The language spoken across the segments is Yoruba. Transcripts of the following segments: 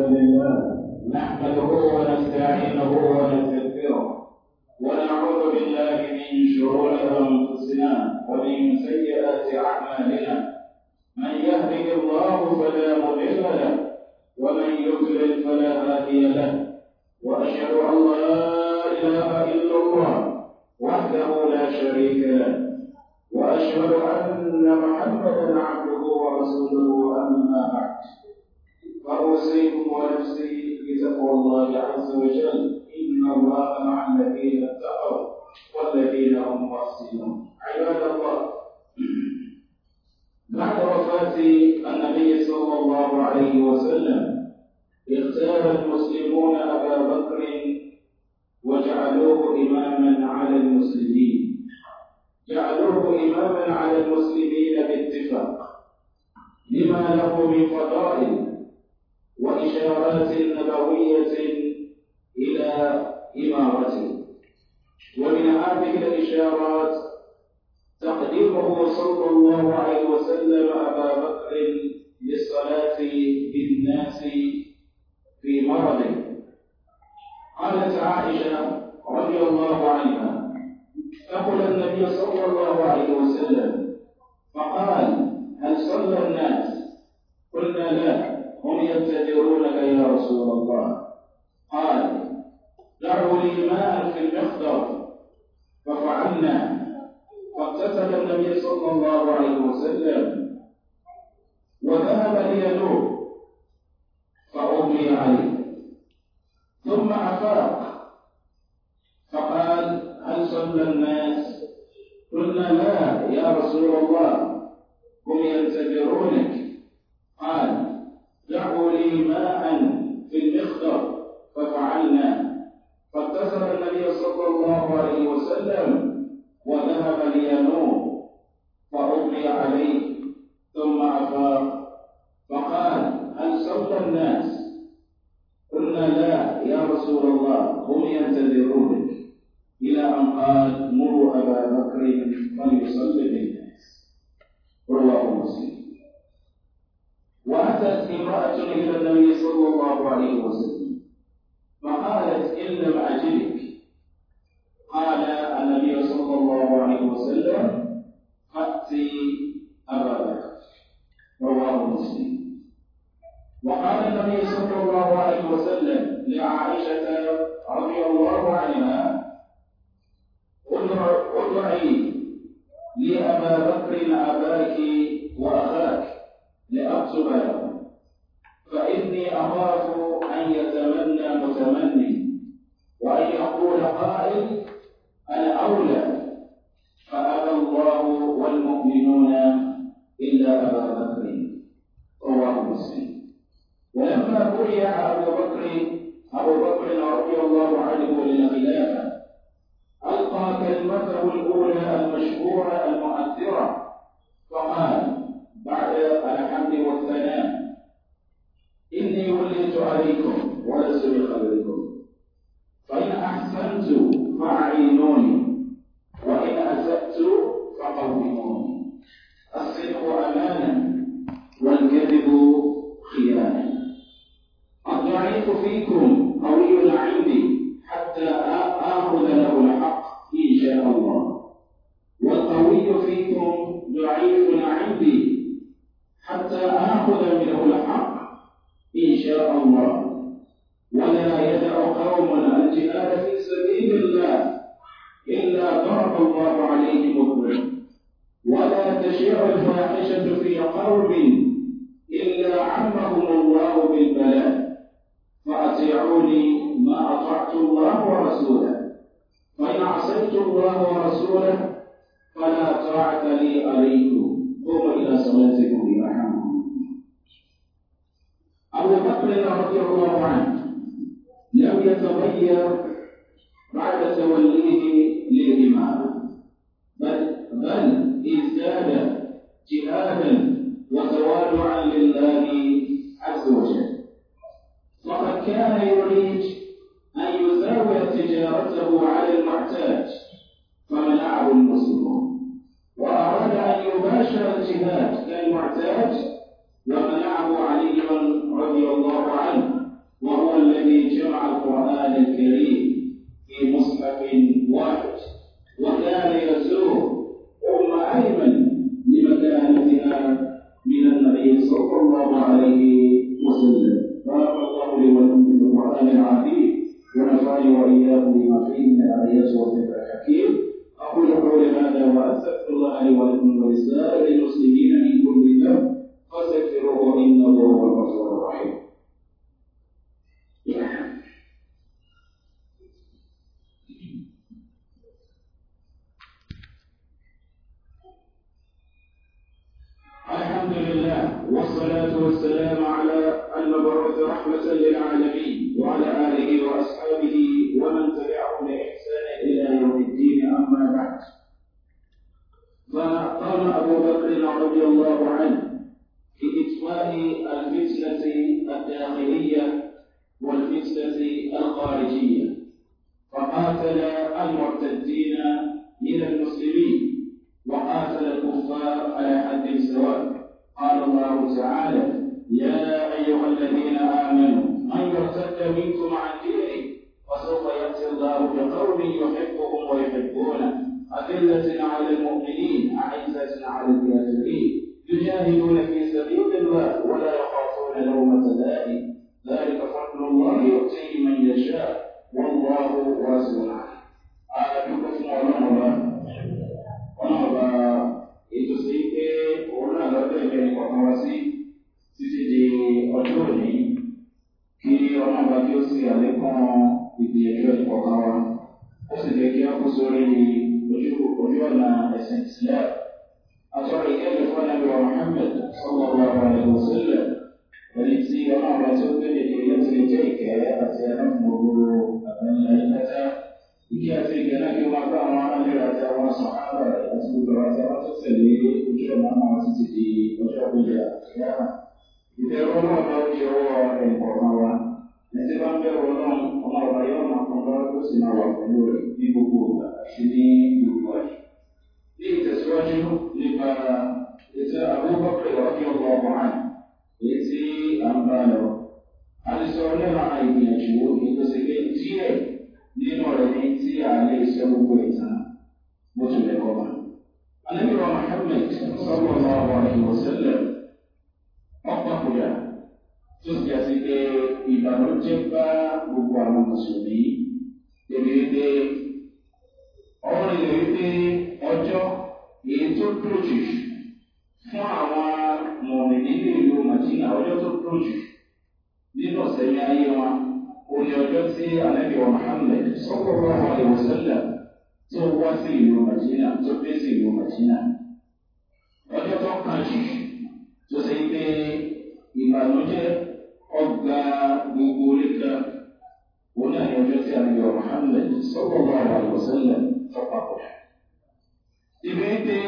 نحمده ونستعينه ونستغفره ونعوذ بالله من شرور انفسنا ومن سيئات اعمالنا من يهده الله فلا مضل له ومن يضلل فلا هادي له واشهد ان لا اله الا الله وحده لا شريك له واشهد ان محمدا عبده ورسوله اما بعد فأوصيكم ونفسي بتقوى الله عز وجل إن الله مع الذين اتقوا والذين هم محسنون عباد الله بعد وفاة النبي صلى الله عليه وسلم اختار المسلمون أبا بكر وجعلوه إماما على المسلمين جعلوه إماما على المسلمين باتفاق لما له من فضائل وإشارات نبوية إلى إمارته ومن هذه الإشارات تقديمه صلى الله عليه وسلم أبا بكر للصلاة بالناس في مرضه قالت عائشة رضي الله عنها فقل النبي صلى الله عليه وسلم فقال هل صلى الناس قلنا لا هم ينتظرونك يا رسول الله قال دعوا لي ماء في المقدر ففعلنا فاغتسل النبي صلى الله عليه وسلم وذهب ليدور فأغمي عليه ثم أفاق فقال هل صلى الناس قلنا لا يا رسول الله هم ينتظرونك قال دعوا لي ماء في المخدر ففعلنا فاتخذ النبي صلى الله المؤمنون إلا أبا بكر رواه مسلم ولما بري أبو بكر أبو بكر رضي الله عنه للخلافة ألقى كلمته الأولى المشهورة المؤثرة ويروا الفاحشة في قوم إلا عمهم الله بالبلاء فأطيعوني ما أطعت الله ورسوله فإن عصيت الله ورسوله فلا طاعة لي عليكم قوموا إلى صلاتكم يرحمكم أبو بكر رضي الله عنه لم يتغير بعد توليه للإمام بل بل ازداد جهادا وتواضعا لله عز وجل فقد كان يريد أن يزاول تجارته على المعتاد فمنعه المسلمون وأراد أن يباشر الجهاد كالمعتاد ومنعه علي رضي الله عنه وهو الذي جمع القرآن الكريم في مصحف واحد وكان يزور وسلم الله لي ولكم في القرآن بما فيه من الآيات أقول قولي هذا وأستغفر الله لي ولكم ولسائر المسلمين من كل ذنب فاستغفروه إنه منكم عن دينه وسوف يأتي الله بقوم يحبهم ويحبونه أذلة على المؤمنين أعزة على الكافرين يجاهدون في سبيل الله ولا يخافون لومة لائم ذلك فضل الله يؤتيه من يشاء والله واسع عليم أعلمكم kí ọlọ́run bá kí ó sì àlékún ìgbìyànjú ẹ̀kọ́ kan wa ó sì jẹ́ kí á kó sórí ojú ojú ọ̀nà ẹ̀sìn ìsìlẹ̀ àtọ́rọ̀ ìkẹ́lẹ̀ fún ẹ̀mí wa mohammed sọ́kọ̀ wa balẹ̀ kò sílẹ̀ pẹ̀lú tí ọlọ́run bá tí ó gbélé kiri láti lè jẹ́ ìkẹ́ àti ẹ̀rọ̀mù gbogbo àbẹ̀lẹ̀ ayélujára ìkí àti ìkẹ́ náà kí wọ́n bá àwọn aráàlú àti àwọn sọ̀hánà àti gbogbo àti àwọn tó tẹ̀lé ojú ọ̀nà àwọn títí di ọjọ́ àgbélé àti ìbẹ̀rù náà bá fi ọwọ́ ẹ̀kọ̀ọ̀kan wa ẹtí bá ń bẹ̀rù náà ọmọ ọba yóò máa kàn bá ó sì máa wà pẹ̀lú rẹ̀ ní gbogbo ọ̀gá àti ní gbogbo àyè. ní ìtẹ̀síwájú nípa ètò àbúkọ̀pẹ̀ ọdún ọgbà ọkùnrin èyí tí à ń bá lọ. a ti sọ nípa ìgbìyànjú ìgbésẹ̀gbé díẹ̀ nínú rẹ̀ ní tí a lè sọ gbogbo ìtàn bó tilẹ̀ kọ́ bá. àlẹ́ papòdà tó sì jásí pé ìbànújẹ́ bá gbogbo àwọn mùsùlùmí débi wípé ọ̀rọ̀ ilẹ̀ wípé ọjọ́ èyí tó dúró jù fún àwọn mọ̀mí nílé ìlú màjínà ọjọ́ tó dúró jù nínú ọ̀sẹ̀ ní ayé wọn òní ọjọ́ tí alẹ́bí wa muhammed sọ́kọ̀ọ́ àwọn àlèwòsẹ́lẹ̀ tó wá sí ìlú màjínà tó dé sí ìlú màjínà. Muhammad sallallahu alaihi wasallam sọ́pàpọ̀. Ibi pé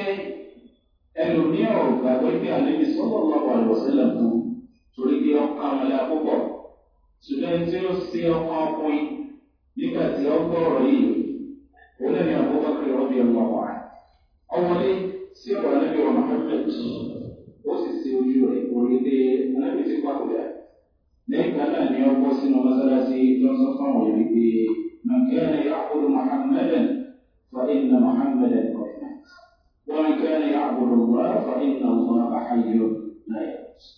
ẹlòmíràn ò gbàgbé àlejò sallallahu alaihi wasallam kú torí pé ọkọ àmàlẹ́ àkókò. Ṣùgbọ́n tí ó ṣe ọkọ ọkùnrin nígbà tí ó gbọ́ ọ̀rọ̀ yìí, ó lẹ́nu àkókò kiri ọbẹ̀ ọmọ wa. Ọwọ́lé sí ọ̀rọ̀ àlejò Muhammad ó sì ṣe ojú rẹ̀ orí pé àlejò ti pàkó dà. kan náà ni ọkọ̀ sínú mọ́sálásí tí wọ́n sọ fún àwọn من كان يعبد محمدا فإن محمدا قد مات ومن كان يعبد الله فإن الله حي لا يموت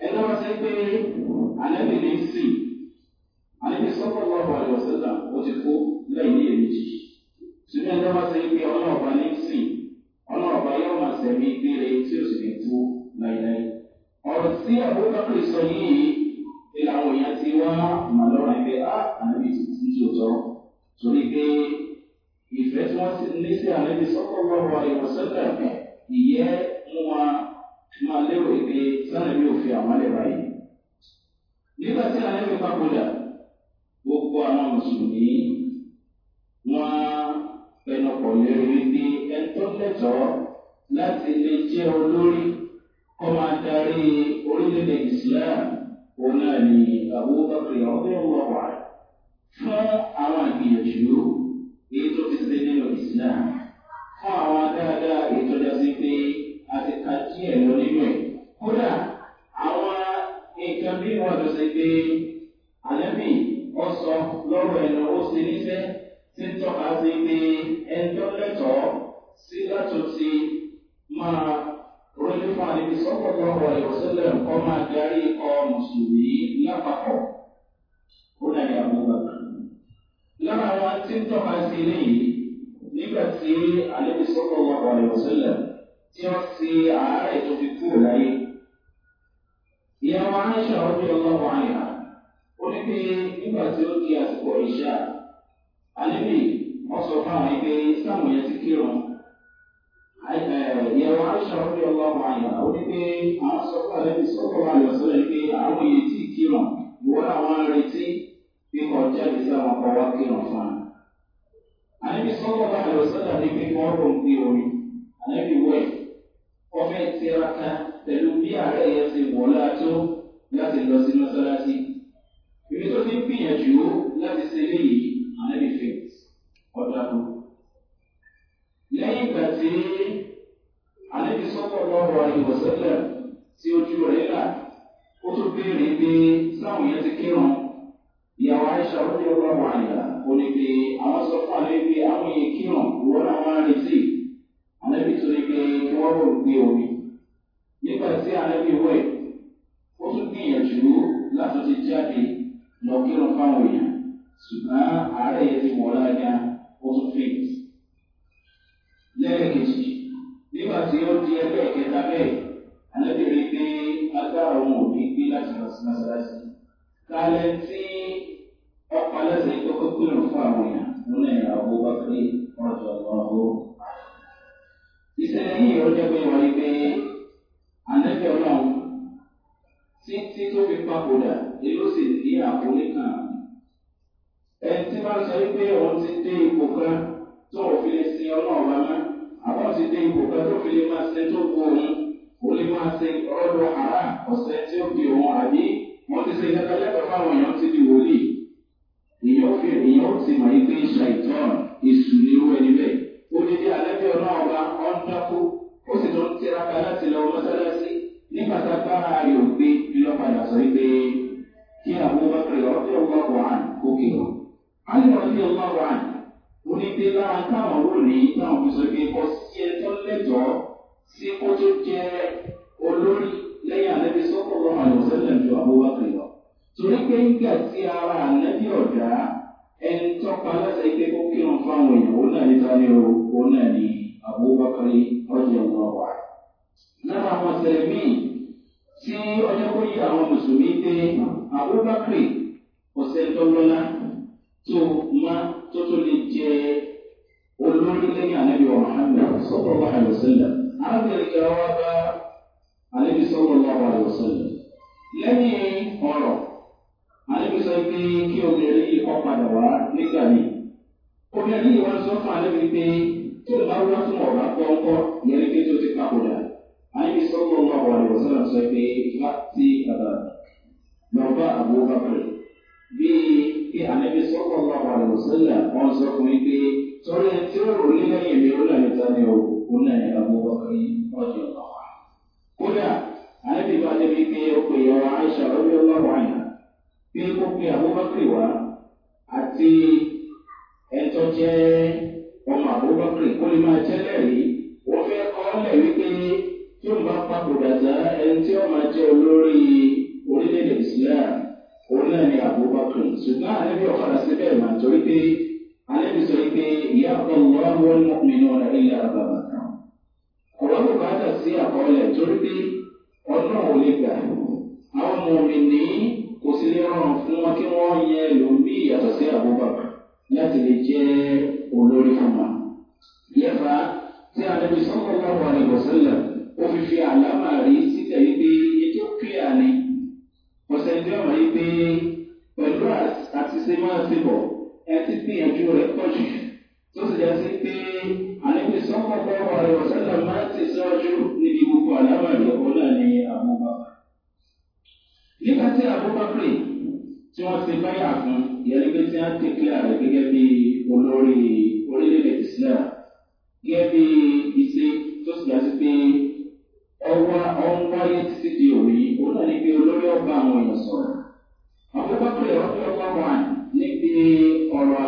عندما تنتهي عن أبي الإنسي النبي صلى الله عليه وسلم وتقول لا يميت sínú ẹjọ́ bá ṣe pé ọlọ́ọ̀bá ní sìn ọlọ́ọ̀bá yóò máa ṣẹ̀mí gbére tí ó sì ní kú láìláì ọ̀rọ̀ àwọn èèyàn ti wá mọ̀ lọ́rùn ẹgbẹ́ ah, ànábì tuntun tí ó tọ́ torí pé ìfẹ́ tí wọ́n ti ní sí ànábì sọ́kọ́ lọ́wọ́ ìwọ̀sẹ́lẹ̀ ìyẹ́ mú wa máa lérò pé sànàbí òfin àwọn alẹ́ báyìí. nígbà tí ànábì papòdà gbogbo àwọn mùsùlùmí wọn ẹnu pọ̀ lérí wípé ẹ̀tọ́ lẹ́tọ̀ọ́ láti lè jẹ́ olórí kọ́ máa darí orílẹ̀-èdè ìsìláàmù òun náà ni àwọn bàbá ọ̀gbẹ́ ọ̀wọ̀ wà fún àwọn àgbìyànjú èyí tó ti ṣe nínú islam fún àwọn dáadáa èyí tó dá sí pé a ti ka díẹ̀ lọ nínú ẹ̀ kódà àwọn nǹkan bí wọn tó ṣe pé àlẹ́bí ọ̀sọ lọ́rọ̀ ẹ̀nà ó ṣe níṣẹ́ tí tọ́ka sí pé ẹjọ́ lẹ́tọ̀ọ́ sí látò ti máa ròyìn fún àlebi sọ́kọ̀tọ̀ ọ̀rọ̀ ìwọ̀sẹ̀lẹ̀ ọmọ àdarí ikọ̀ mùsùlùmí lápapọ̀ ó dàbí àbúgbàgbà. lára àwọn tí ń tọ́ka sí eléyìí nígbà tí àlebi sọ́kọ̀tọ̀ ọ̀rọ̀ ìwọ̀sẹ̀lẹ̀ tí wọ́n ti àárẹ̀ tó fi kúrò láyé. ìyàwó aṣọ ọdún ọlọ́wọ́ àyà ó ní pé nígbà tí ó di àsìkò ìṣá àlebi wọ́n sọ fún àwọn ẹgbẹ́ sáwọn yẹn ti kírun ìyàwó aṣọ orí ọlọ́run àyà ó ní pé àwọn sọ́kọ̀ lẹ́bi sọ́kọ̀ wà lọ sọ́dọ̀ pé àwọn èyí tí kírun ìwọ làwọn ń retí bí kọjá lè fi àwọn ọkọ̀ wá kírun fún wa. àníbi sọ́kọ̀ wà lọ sọ́dọ̀ ní pé wọ́n rò ń gbé omi àníbi wẹ̀ ọfẹ́ tiraka pẹ̀lú bí ààrẹ yẹn ti wọ̀ látó láti lọ sí mọ́sálásí. ibi tó ti ń gbìyànjú láti ṣe léyìí àníbi fèsì ọ̀dà lẹ́yìn ìgbà tí àlejò sọ́kọ̀ lọ́rọ̀ ìwọ̀sẹ́lẹ̀ tí ojú rẹ̀ là ó tún béèrè pé sáwọn yẹn ti kírun ìyàwó aisha ó jẹ́ ọlọ́wọ́ àyà ó ní pé àwọn sọ fún àlejò pé àwọn yẹn kírun ìwọ́n náà máa ń retí àlejò tó ní pé kí wọ́n rò pé omi nígbà tí àlejò wẹ̀ ó tún gbìyànjú láti ti jáde lọ kírun fáwọn èèyàn ṣùgbọ́n àárẹ̀ yẹn ti wọ̀ lága ó tún fèèt lẹ́ẹ̀kejì nígbà tí ó di ẹgbẹ́ ìkẹta bẹ́ẹ̀ anábìrin pé agbára òun ò ní gbé láti lọ sí mọ́sálásí kálẹ̀ tí ọ̀pá lẹ́sẹ̀ tó kó pèrò fún àwọn èèyàn nínú ẹ̀rọ abúbákiri ọ̀dọ̀ ọ̀hún. ìṣẹ̀lẹ̀ yìí ó jẹ́ pé wọ́n rí pé anábìrin ọlọ́run títí tó fi papòdà èyí ó sì ní àkólé kan. ẹni tí bá sọ wípé òun ti dé ipò kan tó òfin sin ọlọ́run bá máa àwọn ti dé ipò kan tó fi lè máa ṣe tó kú òun kò lè máa ṣe ọlọ́dọ̀ àrà ọ̀sẹ̀ tí ó di òun àbí wọ́n ti ṣe kẹta lẹ́tọ̀ fáwọn èèyàn ti di wòlíì èèyàn fi èèyàn ti mọ̀ ní pé ṣàìtàn èṣù ni irú ẹni bẹ́ẹ̀ ó ní bí alẹ́ bí ọ̀nà ọba ọ̀ńdàkú ó sì tún tiraka láti lọ mọ́sálásí nígbà tá a bá ààrẹ ògbé ìlọ́padà sọ pé kí àwọn ọmọ rẹ̀ ọ̀dọ́ onígbé lára káwọn ò ní táwọn fi sọ pé kọ sí ẹ tó lẹ́tọ̀ọ́ sí kó tó jẹ olórí lẹ́yìn ànábi sọ́kọ̀ lọ́wọ́ àlùsẹ́lẹ̀ ju abúwákè lọ. torí pé nígbà tí ara ànábi ọ̀dá ẹni tọ́pa láti pé kó kírun fáwọn èèyàn òun náà ní tani o òun náà ní abúwákè ọjọ́ ọmọ wa. lára àwọn ọ̀sẹ̀ míì tí ọjọ́ kó yí àwọn mùsùlùmí pé abúwákè ọ̀sẹ̀ tó lọ́lá tí o má tó tó lè jẹ olórí lẹ́yìn ànábi wa muhammed sọ̀rọ̀ wa àlùsílẹ̀. arábìnrin kan wá bá ànábi sọ̀rọ̀ wa àlùsílẹ̀. lẹ́yìn ọ̀rọ̀ ànábi sọ pé kí obìnrin yìí kọ́ padà wá nígbà mi. obìnrin yìí wá sọ fún ànábi pé tí o bá wá fún ọ̀rọ̀ àgbọ̀ǹkọ́ ìyẹn ní pé tó ti papòdà. ànábi sọ̀rọ̀ wa àlùsílẹ̀ sọ pé láti àbá lọ́ba àbúrò bàbá rẹ̀ ànábi sọ́kọ̀ bá wà lọ sílẹ̀ wọ́n sọ fún mi pé sọ́rí ẹni tí ó rò ní lẹ́yìn mi ó là ní tani o ó là ní abúlé kí wọ́n jẹ ọ̀gá wa. kódà ànábi bá débi pé ó pè yọ aisha lórí ọlọ́wọ́ àyà bí kò pe abúbákì wá àti ẹ̀tọ́ jẹ́ ọmọ abúbákì kó lè máa jẹ́ lẹ́rìí wọ́n fẹ́ kọ́ ọ́ lẹ̀ wípé tí ó bá papòdà tá ẹni tí ó máa jẹ́ olórí òun náà ni àbúbakùn ṣùgbọ́n àlẹ́bí ọ̀kadà síbẹ̀ mà torí pé àlẹ́bí sọ pé ìyá ọ̀gbọ̀n wọn mi ní ọ̀nà ilé àbàbà kan. ọ̀rọ̀ kò bá dà sí àkọọ́lẹ̀ torí pé ọdún ò lè gbà. àwọn ọmọ mi ní kò sí lè rọrùn fún wọn kí wọ́n yẹ lòmí ìyàtọ̀ sí àbúbakùn láti lè jẹ́ olórí fún wa. yẹ́fà tí àlẹ́bí sọ́kọ̀ọ́ ọ̀sẹ̀ tí ọmọ yìí pé pẹ̀lú àti ṣe máa ṣe bọ̀ ẹ ti gbìyànjú rẹ̀ pọ̀ jù tó sì yẹ sí pé àlejò sọ́kọ̀kọ́ ọ̀rẹ́ ọ̀sẹ̀lá máa ti sọ́jú níbi gbogbo àlámà ìyọ̀kọ́ náà ní àbúbàbà. nígbà tí àbúbàbà tí wọ́n ti báyà fún ìyẹ́lẹ́gbẹ́ tí wọ́n ti kílà rẹ̀ gẹ́gẹ́ bí olórí orílẹ̀ islam gẹ́gẹ́ bí ìṣe tó sì yẹ sí pé ọwá ọwáyé títí di òní ó náà ní pé olórí ọba àwọn èèyàn sọ̀rọ̀. àkọ́kọ́ pé ọ̀pẹ ọba wà níbi ọ̀rọ̀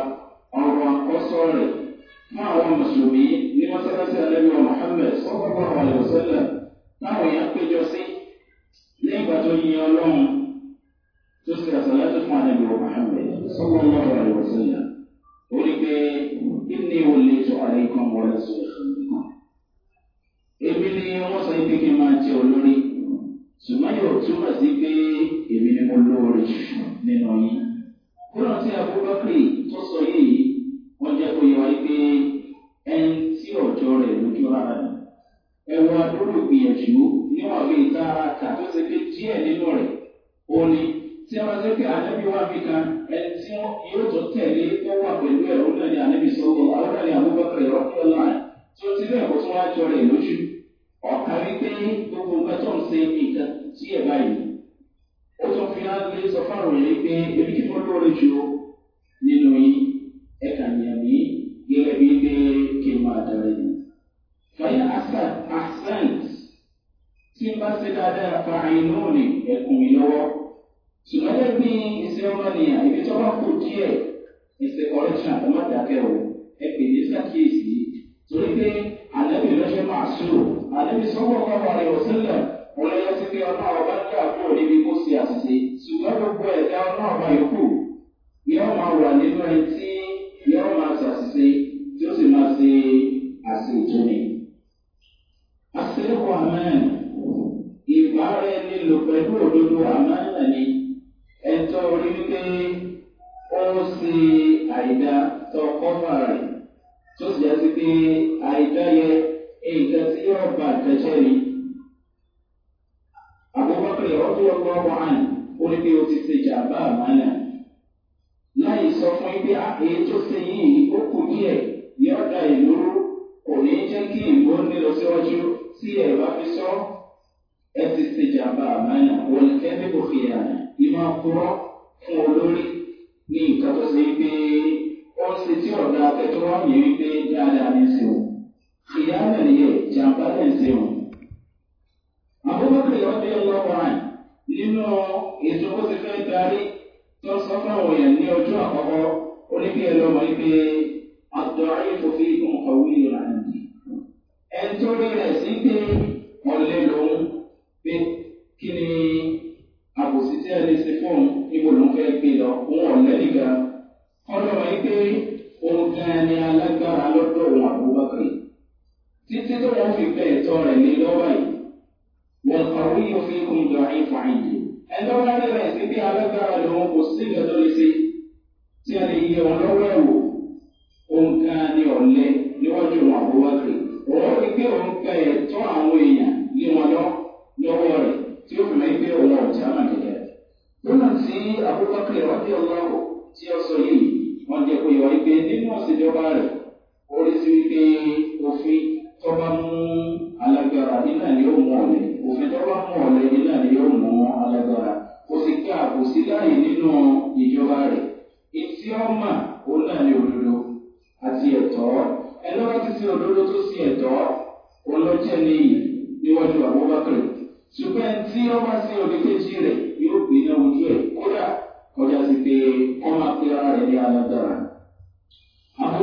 àkọ́sọ́ rẹ̀ fún àwọn mùsùlùmí ní mọ́sálásí alẹ́bí wa muhammed sọ́kọ́kọ́ àwọn àlùsẹ́lẹ̀ táwọn èèyàn péjọ sí ní ìgbà tó yin ọlọ́run tó sì àṣàlá tó fún alẹ́bí wa muhammed sọ́kọ́kọ́ àwọn àlùsẹ́lẹ̀ ó ní pé kí ni ò lè tó àlẹ́kọ̀ọ́ wọlé sọ̀rọ̀ èmi ni wọ́n sọ pé kí n máa jẹ olórí ṣùgbọ́n yóò túmọ̀ sí pé èmi ni mo lóore nínú yín. kúrò tí abúlọ́kì tó sọ yìí wọ́n jẹ́ kó yẹ wáyé pé ẹni tí ọ̀jọ́ rẹ̀ lójú rárá ni. ẹ̀wọ̀n adúlù gbìyànjú níwọ̀n bí ìta ara kà tó ṣe pé díẹ̀ nínú rẹ̀ ó ní tí a bá ṣe pé ànábì wà mí kan ẹni tí yóò tó tẹ̀lé tó wà pẹ̀lú ẹ̀ ó náà ní ànábì sọ́kọ̀ àwọn náà ní abúlọ́kì rẹ̀ ọ̀kọ́ láì tí ti rẹ̀ kó tún wá jọ rẹ̀ lójú ọkà wípé gbogbo nǹkan tó ń ṣe nǹkan sí ẹ̀ báyìí ó tún fi hàn lé sọ fáwọn èèyàn pé ebi kí wọ́n lóore jù ó nínú yìí ẹ̀ka nìyàmí gẹ́gẹ́ bíi pé kí n máa dára yìí. fàyà àṣà àṣàǹt tí n bá ṣe dáadáa fa àìnú ni ẹ̀kùn mi lọ́wọ́ ṣùgbọ́n lẹ́gbìn ìṣe ọmọnìyàn ibi tó bá kù díẹ̀ ìṣe kọ́lẹ́ṣà ọmọdàkẹ́ òun. àdébí sọ́wọ́ kọ́kọ́ rẹ̀ ò sílẹ̀ mo lè yọ sí pé ọ̀nà ọba ń dà kúrò níbi kó ṣe àṣìṣe ṣùgbọ́n gbogbo ẹ̀dá ọ̀nà ọba yòókù yóò máa wà nínú ẹni tí yóò máa ṣàṣìṣe tí ó sì máa ṣe àṣìjọ ni. àṣìkò àmẹ́rin ìbára ẹni lò pẹ̀lú òdodo àmẹ́rin ni ẹ̀tọ́ orí wípé ó ṣe àìdá tọkọ́ fà rẹ̀ tó sì jẹ́ sí pé àìdá yẹ nǹkan tí yóò bá àtẹ̀jẹ́ rí. Àbúrọ́kẹ́ ọdún ọgbọ́n ọgbọ́n àná ó ní bí o ti ṣe jàmbá àmàlà. Láì sọ fún ibi àkèé tó ṣe yìí ó kù díẹ̀ ní ọ̀dà ìlú kò ní jẹ́ kí ìbò nílọ síwájú tí ẹ̀rọ afisọ́ ẹ ti ṣe jàmbá àmàlà wọlé kẹ́mí kò fi àná ìmọ̀ àkúrọ́ fún olórí ní nǹkan pé ó ń ṣe tí ọ̀dà akẹ́kọ̀ọ́ yìí wípé dáadáa ní í kìyàmẹ̀ ni yóò jàǹbá lẹ̀ ń ṣe wọn. Àbúrò ìyá ọdẹ ọlọ́wọ́rán nínú ètò bó ti fẹ́ darí tó sọ fáwọn èèyàn ní ọjọ́ àkọ́kọ́ oníbí ẹ lọ́mọ ibi ọ̀dọ̀ ayé fòfin ìgbọ̀n kọ̀wé ìlànà. Ẹni tó rí rẹ̀ sí pé ọ̀lẹ́ lòun pé kí ni àbòsí tí ẹ lè ṣe fóun níbo lòun fẹ́ gbé lọ, òun ọ̀lẹ́ nìkan. kún ìjọ ìfọ̀ àyè. ẹni tó bá débẹ̀ sí bí abẹ́gbẹ́ra lòun kò sí ìgbẹ́jọ́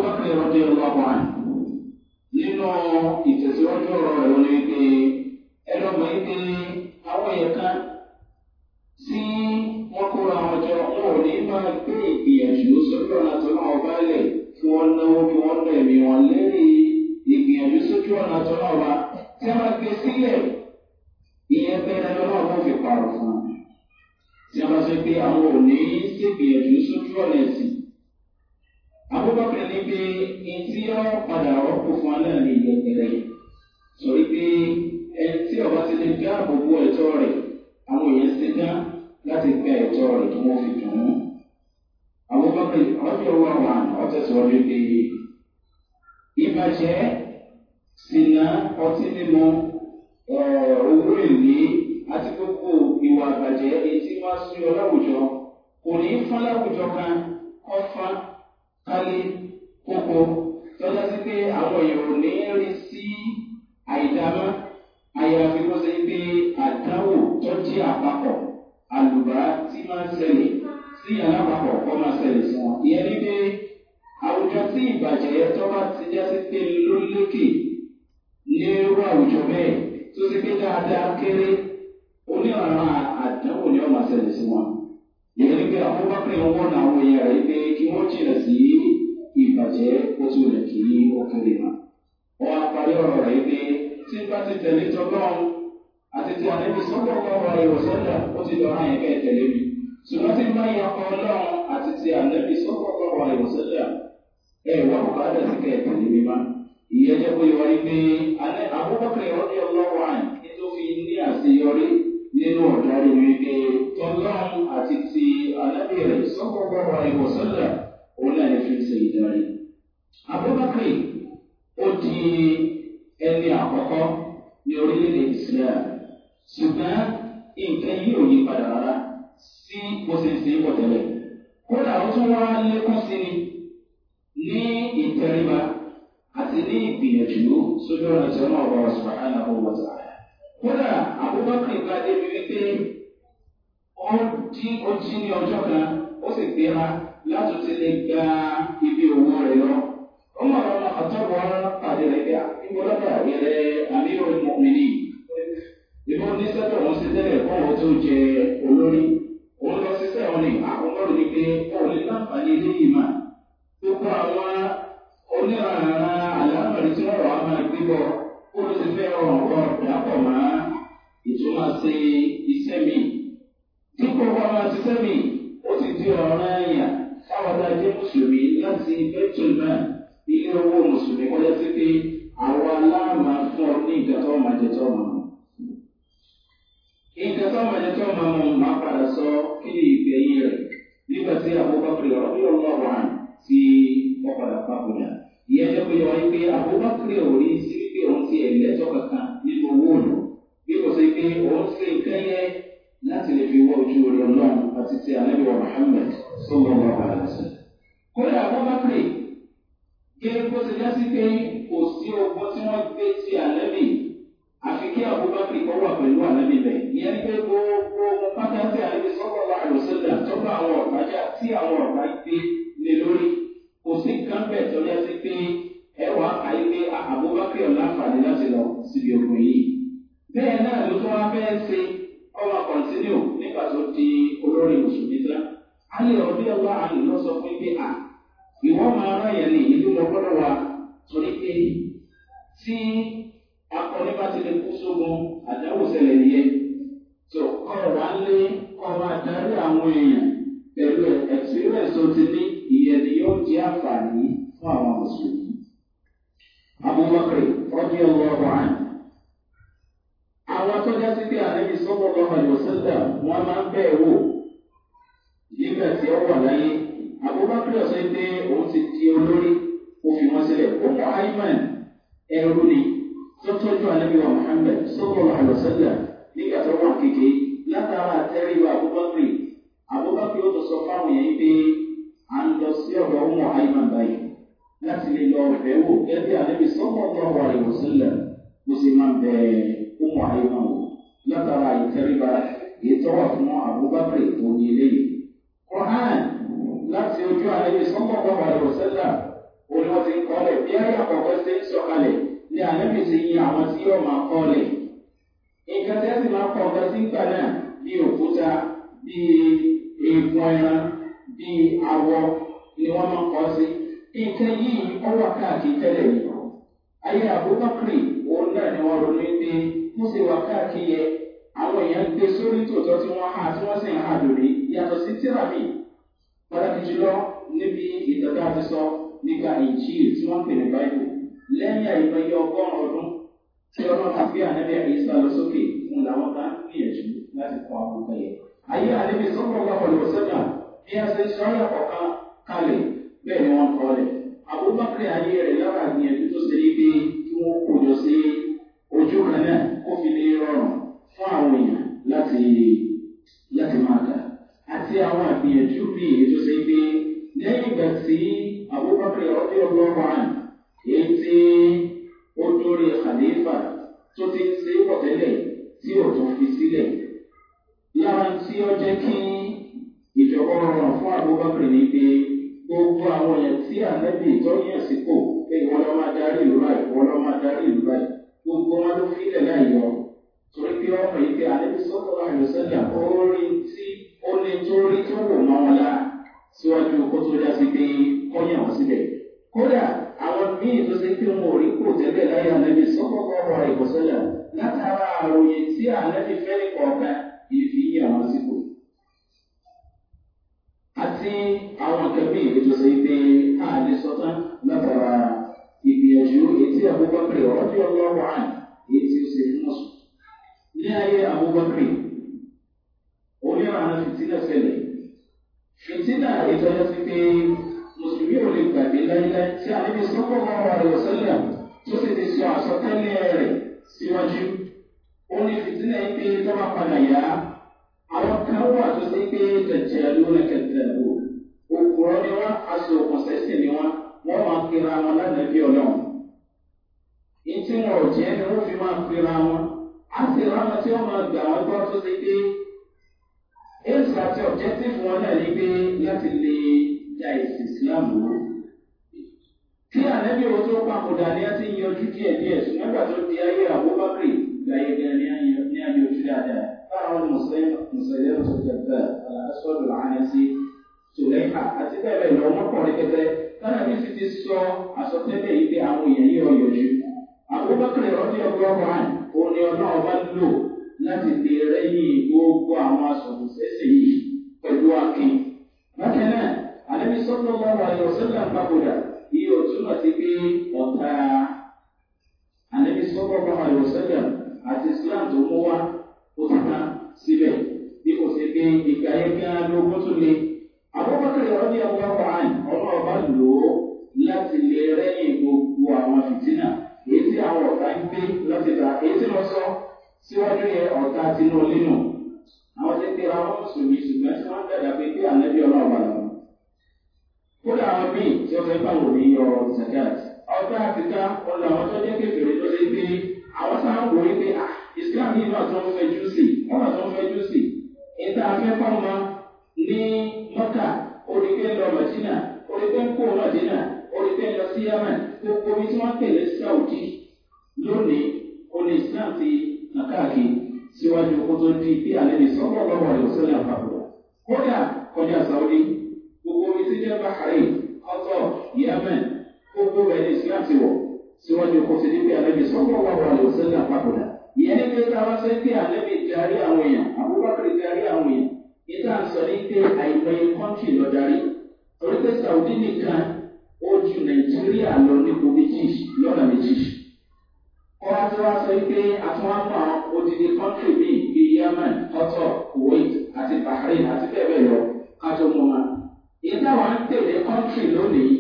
abúlé ọdẹ ọlọ́wọ́ àná nínú ìtẹ̀síwájú ọ̀rọ̀ rẹ̀ wọlé pé ẹlọ́mọ yìí pé àwọn yẹn kan tí wọ́n kóra wọn jọ wọn ò ní máa gbé ìgbìyànjú sójú ọ̀nà tó náà bá lẹ̀ kí wọ́n náwó kí wọ́n lọ ẹ̀mí wọn lérí ìgbìyànjú sójú ọ̀nà tó náà bá tí a bá gbé sílẹ̀ ìyẹn bẹ́ẹ̀ lọ́wọ́ wọn fi pààrọ̀ fún un tí a bá sọ pé àwọn ò ní ṣègbìyànjú sójú ọ̀nà ẹ̀sìn gbọ́kàn ní pé etí ọ padà rọ́pò fún ọ náà ní ìgbẹ̀gbẹ̀rẹ̀ sọ̀rí pé ẹni tí ọba ti lè gbé àbòbò ẹ̀tọ́ rẹ̀ àwọn èèyàn ti dán láti gba ẹ̀tọ́ rẹ̀ tó wọ́n fi dùn ún. àwọn gbọ́kàn ọjọ́ wà wà ọ̀tẹ̀sọ̀rọ̀ pé ìbàjẹ́ sìnà ọtí mímu owó ìní àti gbogbo ìwà àgbàjẹ́ etí wá sí ọ láwùjọ kò ní fún láwùjọ kan kọ́ fún kálí kókó tọ́já sí pé àwọn èèyàn ò ní rí sí àìdámá àyàfi kó ṣe pé àdáwò tó jẹ́ àpapọ̀ àlùbárà tí máa ń ṣẹlẹ̀ sí alápapọ̀ kọ́ máa ṣẹlẹ̀ sí wọn. ìyẹn ní pé àwùjọ tí ìbàjẹ́ tó bá ti já sí pé ló lékè ní irú àwùjọ bẹ́ẹ̀ tó ṣe pé dáadáa kéré oníranran àdánwò ni wọ́n máa ṣẹlẹ̀ sí wọn ìyẹn wípé àwọn bá pè lọ́wọ́ náà àwọn èèyàn rẹ̀ pé kí wọ́n jìnà sí ìbàjẹ́ ó ti rẹ̀ kí ọkàn lè mà. wọ́n á parí ọ̀rọ̀ rẹ̀ pé tí bá ti tẹ̀lé tọ́lọ́run àti tí àlejò sọ́kọ̀ ọ̀rọ̀ ìwòsànlẹ̀ ó ti lọ́ra yẹn bẹ́ẹ̀ tẹ̀lé mi. ṣùgbọ́n tí bá yan ọkọ̀ ọlọ́run àti tí àlejò sọ́kọ̀ ọ̀rọ̀ ìwòsànlẹ̀ ẹ̀ wọ́n kò bá dẹ̀ sí kẹ́ẹ̀ tẹ̀lé mi má. ìyẹn jẹ́ pé wọ́n rí pé àbúkọ̀kẹ́ ọ̀rẹ́ ọlọ́run àyìn nítorí ní àṣeyọrí nínú ọ̀darí wípé tọ́lọ́run àti ti alábì rẹ̀ sọ́kọ̀ọ́kọ́ wa ìwọ̀sọ́dà òun náà ní fi ṣe ìdarí. Abubakar ó di ẹni àkọ́kọ́ ní orílẹ̀-èdè Islam ṣùgbọ́n nǹkan yìí ò yí padà rárá sí bó ṣe ń ṣe é pọ̀ tẹ́lẹ̀. Kódà ó tún wá lékún sí ni ní ìtẹríba àti ní ìgbìyànjú sójú ọ̀nà tí ọlọ́run bá wà sùpàkánà owó kódà abubakar ìgbàdé mi wípé ó dín ó dín ní ọjọ́ kan ó sì gbéra láti ti lè gba ibi òwò rẹ̀ lọ. ó mọ̀ ọ́n àtọ́wọ́ pàdé rẹ̀ bíà níbo lọ́dọ̀ àwẹ̀rẹ̀ àmírò mọ̀mìnì. ìbọn ní sẹ́tọ̀ wọn ṣe tẹ́lẹ̀ fún àwọn tó jẹ olórí. òun lọ sí sẹ́wọ̀n ní àwọn ọlọ́run ní pé òun lè láǹfààní ilé yìí mà. gbogbo àwọn onírànà àlàáfàá tí ó ló ti fẹ́ rọrùn rọrùn yàtọ̀ mọ́ ìtumọ̀ sí iṣẹ́ mi. tí kò wọ́n máa ṣiṣẹ́ mi ó ti di ọ̀ràn ẹ̀yà táwọn adájẹ́ mùsùlùmí láti bẹ́tùn náà ilé owó mùsùlùmí kọjá sí pé àwọn aláàmà fún ọ ní ìgbà tó máa jẹ tó máa mọ̀. ìgbà tó máa jẹ tó máa mọ̀ máa padà sọ kí ni ìgbẹ̀yìn rẹ̀ nígbà tí àbúkọ́kiri ọ̀rọ̀ bí ọlọ́wà tí wọ́n padà pàkúnyà. ìyẹn jẹ́ pé ọ tiẹ̀ lẹ́tọ̀ kankan nínú owó òòlù bí kò sí pé òun ṣe nǹkan yẹn láti lè fi wọ ojú rẹ ọlọ́run àti ti anábìwá muhammed sọ́mọ́ ọmọ àlàsì. kódà abọ́bákiri gẹ́gẹ́ bó ti dá sí pé kò sí ọgbọ́n tí wọ́n gbé ti ànábì àfi kí abọ́bákiri kọ́ wà pẹ̀lú ànábì bẹ̀. ìyẹn ni pé gbogbo ohun pátá tí ànábì sọ́mọ́ ọmọ àlàsì dà tọ́gbà àwọn ọ̀gbájá tí àwọn ọ̀gbá gbé lé lórí kò sí nǹkan bẹ̀ tọ́lá sí pé ẹ wá ayé pé àbúbákẹ́ ọ̀láǹfààní láti lọ síbi òkun yìí. bẹ́ẹ̀ náà ló tún wá fẹ́ ṣe ọmọ kọ̀ǹtínú nígbà tó di olórí mùsùlùmí tán. a lè rọ bí ọba àná lọ sọ fún pé à ìwọ́n máa rán yẹn ní ìlú lọ́gbọ́dọ̀ wa torí pé tí akọni bá ti lè kú sógun àdáwò sẹlẹ̀ nìyẹn. tó kọ́ wa lé kọ́ wa darí àwọn èèyàn pẹ̀lú ẹ̀sìn rẹ̀ tó ti ní ìyẹn ni yóò jẹ́ àǹfààní fún àwọn mùsùlùmí abubakar rọ́bì ọlọ́ọ̀bù hàn. àwọn tọ́jà sí pé àlejò sọ́kọ̀ lọ́wọ́ àlùsọ́dà wọn máa ń bẹ̀ẹ̀ wò nígbà tí ó wà láyé abubakar sọ pé òun ti di olórí ó fi wọn sílẹ̀ ó mọ ayman ẹrú ni tó tọ́jú àlejò wa muhammed sọ́kọ̀ lọ́wọ́ àlùsọ́dà nígbà tó wà kéke látara àtẹ́rìwá abubakar abubakar ó tó sọ fáwọn yẹn pé à ń lọ sí ọ̀dọ̀ ọmọ ayman báyìí láti lè lọ bẹ̀ wò gẹ́gẹ́ àdébí sọ́kọ̀ náà wà lè wò sílẹ̀ bó ṣe máa bẹ ọmọ ayé náà wò látara ìtẹríba ìtọ́wà fún àbúgbàpẹ̀ tó ní ilé yìí. Quran láti ojú àdébí sọ́kọ̀ náà wà lè wò sílẹ̀ olùwọ́n ti ń kọ́lẹ̀ bí ayé àkọ́kọ́ ṣe ń sọ̀kalẹ̀ ni àdébí ti yin àwọn tí yóò máa kọ́lẹ̀. Nǹkan tẹ́ sì máa kọ̀ọ̀kan sí gbà náà bí òkúta bí eegun ẹran bí awọ ni wọ́n máa kọ́ sí nǹkan yìí ọwọ́ káàkiri tẹ́lẹ̀ yìí ayé àbúbákiri òun náà ni wọ́n ronú pé wọ́n ṣe wà káàkiri yẹ àwọn èèyàn gbé sórí tòótọ́ tí wọ́n há tí wọ́n sì ń há lórí yàtọ̀ sí tíramì pàtàkì jùlọ níbi ìdọ̀dá àti sọ nípa ìjìyè tí wọ́n pè ní báyìí lẹ́yìn àìmọye ọgọ́rùn-ún ọdún tí ọlọ́run àbí ànábẹ́ àyíṣà lọ sókè fún làwọn bá ń gbìyànjú láti kọ àwọn ọkọ yẹn. ayé ànábẹ́ sọ́kọ̀ọ́ wà bí a ṣe sọ́yà kọ̀ọ̀kan kalẹ̀ bẹ́ẹ̀ ni wọ́n kọ́ rẹ̀. àbúbákẹ́ ayé rẹ̀ lára àgbìyànjú tó ṣe ibi tí wọ́n kò jọ sí ojú kan náà kó fi lè rọrùn fún àwọn èèyàn láti láti máa kà. àti àwọn àgbìyànjú bíi èyí tó ṣe ibi lẹ́yìn ìgbà tí àbúbákẹ́ ọdún ọlọ́wọ́ àná èyí tí ó dórí àlééfà tó ti ń ṣe pọ̀tẹ́lẹ̀ tí ò tún fi sílẹ̀. lára tí ó jẹ́ kí ìjọba rọrùn fún àbúbákẹ́ ni pé gbogbo àwọn èèyàn tí ànábì ìtọ́jú àsìkò pé ìwọ lọ́ máa darí ìlú báyìí ìwọ lọ́ máa darí ìlú báyìí gbogbo wọn ló fi ilẹ̀ láì yọ torí pé ọmọ yìí pé ànábì sọ́kọ̀ láàrin sẹ́yà orí tí ó ní torí tó wò mọ́ wọn la síwájú kó tó dá sí pé kọ́yàn wọn síbẹ̀. kódà àwọn míì tó ṣe pé wọn ò rí kò tẹ́lẹ̀ láyé ànábì sọ́kọ̀ kọ́kọ́ àìkọ́sẹ́lẹ̀ látara àròyìn tí ànábì fẹ́ sí àwọn àgbẹ̀bí ìwé tó ṣe pé a lè sọ tán látara ìgbìyànjú etí àbúgbàkiri ọ̀rọ̀dí ọlọ́wọ́ àn èyí tí ó ṣe fún ọ̀sùn. ní ayé àbúgbàkiri oníranà fìtínà ṣẹlẹ̀ fìtínà ìtọ́jú sí pé mùsùlùmí ò lè gbàgbé láyéláyé tí a níbi sọ́kọ̀ ọ̀rọ̀ àlùsọ́lẹ̀ tó sì ti sọ àsọtẹ́lẹ̀ rẹ̀ síwájú. ó fìtínà yìí pé ọ̀rọ̀ jẹ́ ni wọ́n fi máa pera wọn á sì ráwọn tí wọ́n máa gbà wọ́n gbọ́ tó ṣe pé èsì àti ọ̀jẹ́tìfù wọn náà ní pé láti lè da èsì ìsìláàmù wọn. tí ànábì wọn tó papòdà ni a ti yanjú díẹ̀ díẹ̀ sùn nígbà tó di ayé àbúbákì láyé gan ní àyànjú dáadáa báwọn mùsùlùmí tó jẹ̀bẹ̀ aláṣọ́dọ̀ láàrin sí tòlẹ́kà àti bẹ́ẹ̀ bẹ́ẹ̀ lọ wọ́n pọ̀ rẹ́kẹ́tẹ́ tánàbí sì ti sọ àsọtẹ́lẹ̀ yìí pé àwọn èèyàn yìí ọ̀yọ̀jú abubakar ọdún ọgbà ọmọ àná òun ni ọlọ́run ọba lò láti fi rẹ́yìn gbogbo àwọn asọ̀rọ̀ sẹ́sẹ̀ yìí pẹ̀lú akin. bákan náà alẹ́bí sọ́kọ́ bá wà lọ sọ́dọ̀ àpapọ̀dà iye òtún àti pé ọ̀tá alẹ́bí sọ́kọ́ bá wà lọ sọ́dọ̀ àti islam tó mú wá ó ti tán síbẹ̀ bí kò sí pé ìgbà yẹn gán ló kó le abubakar ọdún ọgbà ọmọ jẹ́ ọ̀tá tinú nínú àwọn tí ń tẹ́ra wọn mùsùlùmí ṣùgbọ́n tí wọ́n dàgbà pé bí ànábì ọlọ́ọ̀bà lọ. kódà àwọn míì tí ó fẹ́ báwo ní ọ̀rọ̀ zakat ọ̀tá àtìká ọ̀là àwọn tó jẹ́ kékeré ló lé pé àwọn sáwọn wòye pé ah, islam yìí náà tó ń fẹ́ jù sí wọ́n náà tó ń fẹ́ jù sí ìta afẹ́ pàmò ní mọ́tà oríkẹ́ lọ mọ̀jìnà oríkẹ́ ń kó mọ̀jìnà oríkẹ́ lọ sí yamẹ gbogbo omi tí wọ́n tẹ̀lé sáwùdí lónìí lákàkì síwájú kó tó di bí alẹ́ ní sọ́kọ̀ lọ́wọ́ rẹ̀ sọ́lẹ̀ àpapọ̀. kódà kọjá sáwọ́dí gbogbo omi tí jẹ́ bàkàrẹ́ ọ̀tọ̀ yemen gbogbo rẹ̀ ní islam ti wọ̀ síwájú kó ti di bí alẹ́ ní sọ́kọ̀ lọ́wọ́ rẹ̀ sọ́lẹ̀ àpapọ̀. ìyẹn ní pé táwa ṣe bí alẹ́ mi darí àwọn èèyàn abubakar darí àwọn èèyàn ìta sọ ní pé àìmọye kọ́ńtì lọ darí torí pé sáwọ́dí nìkan ó ju nàìjíríà lọ sọ pé àtúnwápọ̀ odidi kọ́ńtì bíi bíi yemen kọ́tọ̀ kuwait àti bahrain àti bẹ́ẹ̀ bẹ́ẹ̀ lọ kájọ mọ́ wọn. ìdá wa ń tẹ̀lé kọ́ńtì lónìí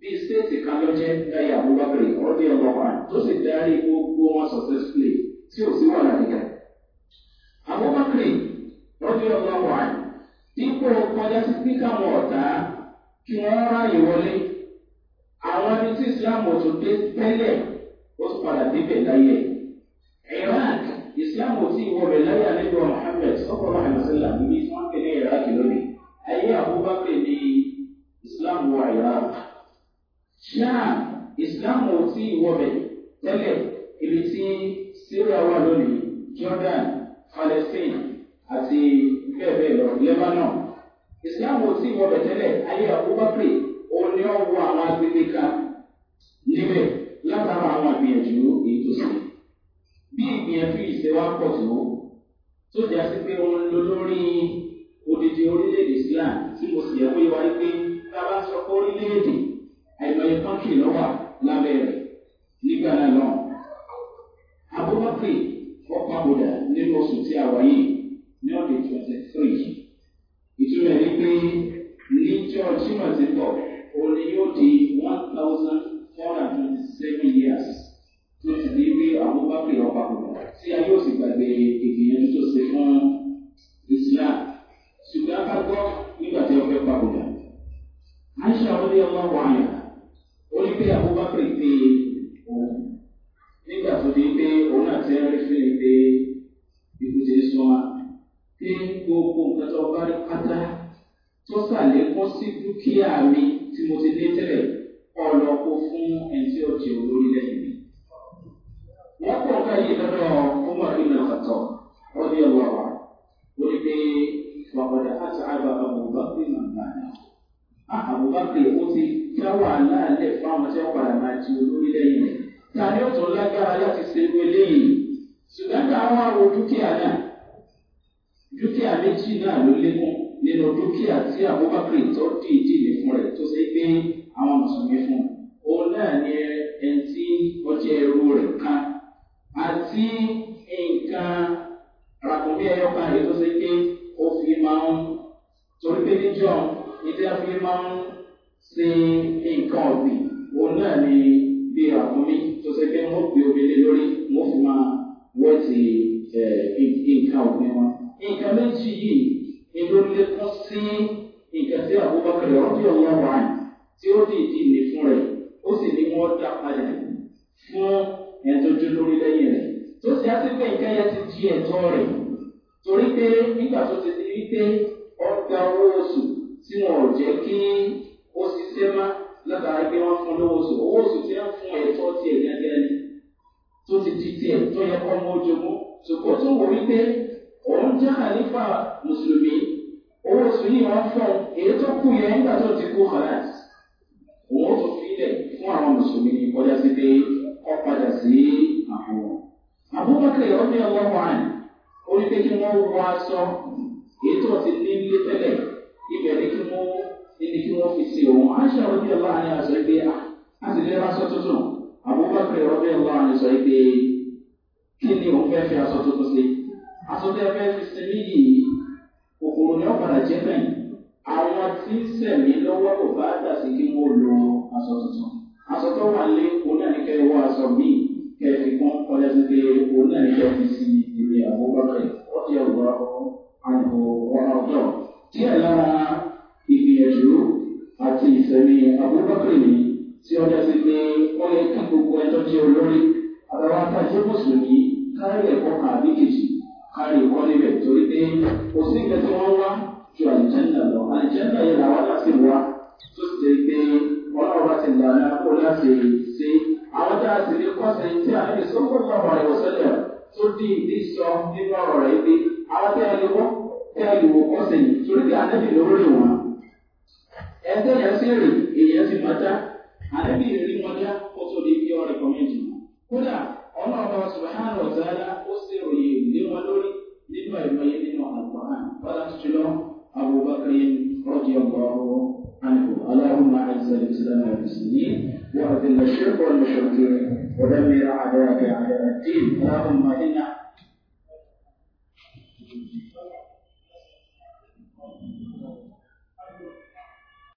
bíi stéètì kan ló jẹ́ ẹ̀yà abubakar ọ̀dẹ́ ọlọ́wà tó sì darí gbogbo wọn successfully tí ò sí wàhálà nìkan. abubakar ọ̀dẹ́ ọlọ́wà dípò kọjá sí píkàwọn ọ̀tá kí wọ́n ráàyè wọlé àwọn ẹni tí islam ọ̀tún dé tẹ́lẹ̀ ó padà débẹ̀ láyé ẹ̀ rẹ̀ láyé àlejò mohammed sọ́kọ̀ọ́ àìsílà níbi tí wọ́n kéde ìrákì lónìí ayé àbúbákẹ́ ní islam wọ iraq ṣáà islam ò tí ì wọbẹ̀ tẹ́lẹ̀ ibi tí syria wà lónìí jordan palestine àti bẹ́ẹ̀ bẹ́ẹ̀ lọ lebanon islam ò tí ì wọbẹ̀ tẹ́lẹ̀ ayé àbúbákẹ́ àwọn agbègbè kan níbẹ̀ látara àwọn àgbìyànjú wá pọ̀ tó tó jà sí pé òun ló lórí odidi orílẹ̀-èdè Islam tí mo sì yẹ pé wá pé tá a bá sọ pé orílẹ̀-èdè àìmọye kọ́ńtì lọ́wà lábẹ́ rẹ̀ nígbà náà lọ. Abubakar nínú oṣù tí a wáyé ní ọ̀dẹ̀ twenty three ìtumọ̀ ní pé ní jọ́ọ̀jì náà ti pọ̀ òun ni yóò di one thousand tó sàlékún sí dúkìá mi tí mo ti ní tẹ́lẹ̀ kọ́ lọ kó fún ẹni tí ó jẹ olórí lẹ́yìn mi. Wọ́n pọ̀ ká yìí lọ́dọ̀ ọmọ ìlú àtàtọ̀ wọ́n ní ọwọ́ wa. Ó ní pé wàkọ̀dà àti àgbà àbùbákì máa ń bà ní. Àbùbákì ó ti dá wàhálà lẹ̀ fáwọn tí wọ́n padà máa jẹ olórí lẹ́yìn rẹ̀. Ta ni ó tún lágbára láti ṣe irú eléyìí? Ṣùgbọ́n táwọn àrò dúkìá náà, dúkìá méjì náà ló lékún nínú dúkìá tí abubakar tó dìídì ní fún rẹ̀ tó ṣe pé àwọn mùsùlùmí fún òun náà ni ẹni tí ó jẹ́ ẹrú rẹ̀ kan àti nǹkan ràkùnmí ẹyọkan rẹ̀ tó ṣe pé ó fi máa ń torí pé níjọ́ ní tí máa ń ṣe nǹkan ọ̀gbìn òun náà ni bí ràkùnmí tó ṣe pé wọ́n gbé omi lé lórí wọ́n fi máa wọ́n ti eh, nǹkan ọ̀gbìn wọn. nǹkan méjì yìí èló lékún sí nǹkan tí àbúbakar ọdún ọ̀wọ́n wà tí ó dìídì ní fún rẹ̀ ó sì ní wọ́n dá padà fún ẹ̀ńtọ́jú lórí lẹ́yìn rẹ̀ tó sì á sí pé nǹkan yẹn ti di ẹ̀tọ́ rẹ̀ torí pé nígbà tó ti di wípé ọgbà owó oṣù tí wọn ò jẹ́ kí ó ṣiṣẹ́ má látara pé wọ́n fún lówó oṣù owó oṣù tí wọ́n fún ẹ̀tọ́ tiẹ̀ gẹ́gẹ́ ni tó ti di tiẹ̀ tó yẹ kọ́ mọ́ ojogún ṣùgbọ́n tó wọ wípé òun jẹ́ àlífà mùsùlùmí owó oṣù yìí wọ́n fún ọ èyí tó kù yẹn nígbà tó ti kú kọ̀lá òun ó tún fílẹ̀ fún àwọn mùsùlùmí kọjá sí pé ọ padà sí àwọn. àbúkọ̀kẹ́ ìyàwó ní ọlọ́wọ́ àná orí pé kí wọ́n wọ aṣọ èyí tó ti ní ilé tẹ́lẹ̀ ibẹ̀ ni kí wọ́n níbi kí wọ́n fi sí òun. àṣà òbí ọlọ́wọ́ àná àwọn tí ń sẹ̀mí lọ́wọ́ kò bá dà sí kí wọ́n lo aṣọ tuntun. aṣọ tó wà lé onáníkẹ́ wọ aṣọ míì kẹfì kan kọjá sí pé onáníkẹ́ fi sí ilé àbúgbàkẹ́ ọtí ọgbà ọ̀nà ọ̀dọ́. díẹ̀ lára ìgbìyànjú àti ìsẹ̀mí àbúgbàkẹ́ yìí tí ọjà sí pé ó yẹ kí gbogbo ẹjọ́ jẹ́ olórí àtàwọn àtàjẹ́ mùsùlùmí kárí ẹ̀kọ́ kàbí kejì kárí ẹ̀kọ́ níbẹ̀ torí pé kò sí ìgbẹ́ tí wọ́n wá ìlànà àìjẹ́nà yẹn làwọn láti wá tó sì jẹ́ pé ọlọ́run bá ti lànà kó láti ṣe àwọn tá a sì lè kọ́sẹ̀ tí a lè sọ́kọ́ lọ́wọ́ rẹ̀ tó di ìdí sọ nínú ọ̀rọ̀ rẹ̀ pé àwọn tẹ́ ẹ lè wọ́ tẹ́ ẹ lè wọ́ kọ́sẹ̀ yìí torí pé àdébì lórí wọn. ẹgbẹ́ yẹn sì rè èèyàn sì máa dá àdébì rí wọn dá ó tó di bí ọ̀rẹ́ kọ́mẹ́ntì kódà ọlọ́run subahana ọ̀tá ó sì ròyìn lé wọn lórí nínú ẹ̀mọ́yé nínú àgbọ̀n أبو بكر رضي الله عنه اللهم أعز الإسلام والمسلمين وأذل الشرك والمشركين ودمر أعداءك أعداء الدين اللهم إنا